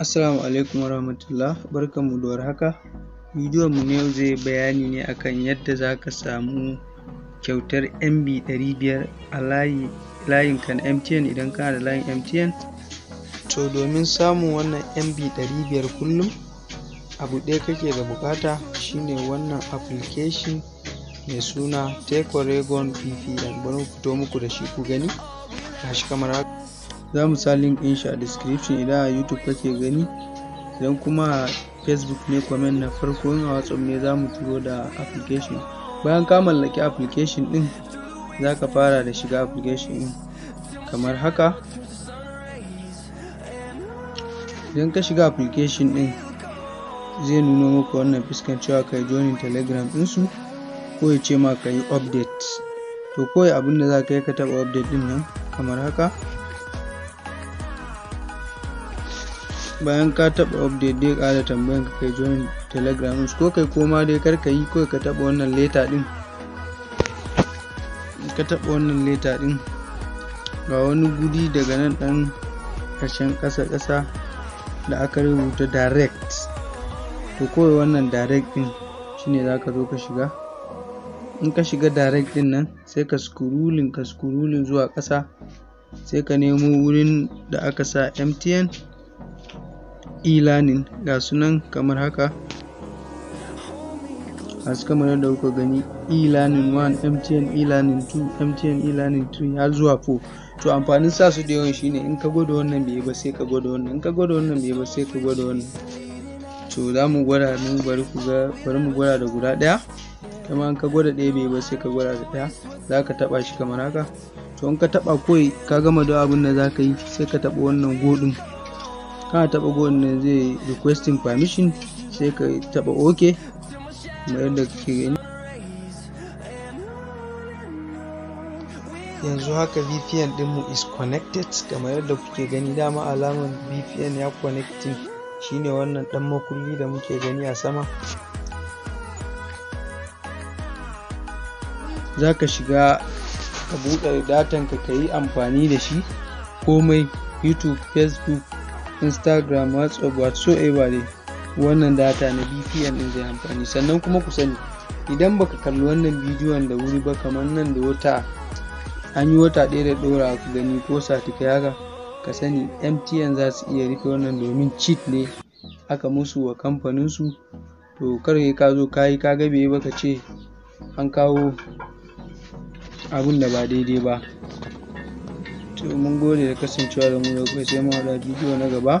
Assalamu alaikum warahmatullah mu da warhaka bidiyon mu na yau zai bayani ne akan yadda za ka samu kyautar MB ɗari a layin ka na MTN idan kana da layin MTN to domin samun wannan MB ɗari biyar kullum abu ɗaya kake da buƙata shine wannan application mai suna Tecoregon PPN bari mu fito muku da shi ku gani gashi kamar haka za mu sa link ɗin shi a description idan a youtube kake gani idan kuma a facebook ne comment na farko in a whatsapp ne za mu turo da application bayan ka mallaki application ɗin za ka fara da shiga application ɗin kamar haka idan ka shiga application ɗin zai nuno maka wannan fuskan cewa ka yi joinin telegram ɗinsu ko ya ce ma ka yi update to kawai abinda za ka yi ka taɓa update ɗin nan kamar haka bayan ka taba update dai kada tambayan ka kai join telegram ko kai koma dai kar ka yi ko ka taba wannan letter din ka taba wannan leta din ga wani gudi daga nan ɗan karshen kasa kasa da aka rubuta direct to kawai wannan direct din shine za ka zo ka shiga in ka shiga direct din nan sai ka scrolling ka scrolling zuwa ƙasa sai ka nemo wurin da aka sa mtn e-learning ga sunan kamar haka su kamar yadda kuka gani e-learning 1 mtn e-learning 2 mtn e-learning 3 har zuwa 4 to amfanin sa su da yawan shine in ka gwada wannan bai ba sai ka gwada wannan in ka gwada wannan bai ba sai ka gwada wannan to za mu gwada mun bari ku ga bari mu gwada da guda daya kuma in ka gwada daya bai ba sai ka gwada da daya za ka taba shi kamar haka to in ka taba koyi ka gama da abin da za ka yi sai ka taba wannan godin kana taɓa go ne zai requesting permission sai ka taɓa ok mayar yadda ke gani yanzu haka vpn dinmu is connected kamar yadda kuke gani dama alamar vpn ya connecting shine wannan dan makulli da muke gani a sama za ka shiga ka buɗe datan ka yi amfani da shi komai youtube facebook instagram whatsapp whatsoever dai wannan data na bpn din zai amfani sannan kuma ku sani idan baka kalli wannan bidiyon da wuri ba kamar nan da wata an yi wata ɗaya da ɗora ku gani ko satika haka ka sani mtn za su iya rufe wannan domin cheat ne aka musu wa kamfanin su to kar ka zo ka yi ka gabe ba ka ce an kawo abun da ba daidai ba to mun gode da kasancewa da mu da sai mu hada bidiyo na gaba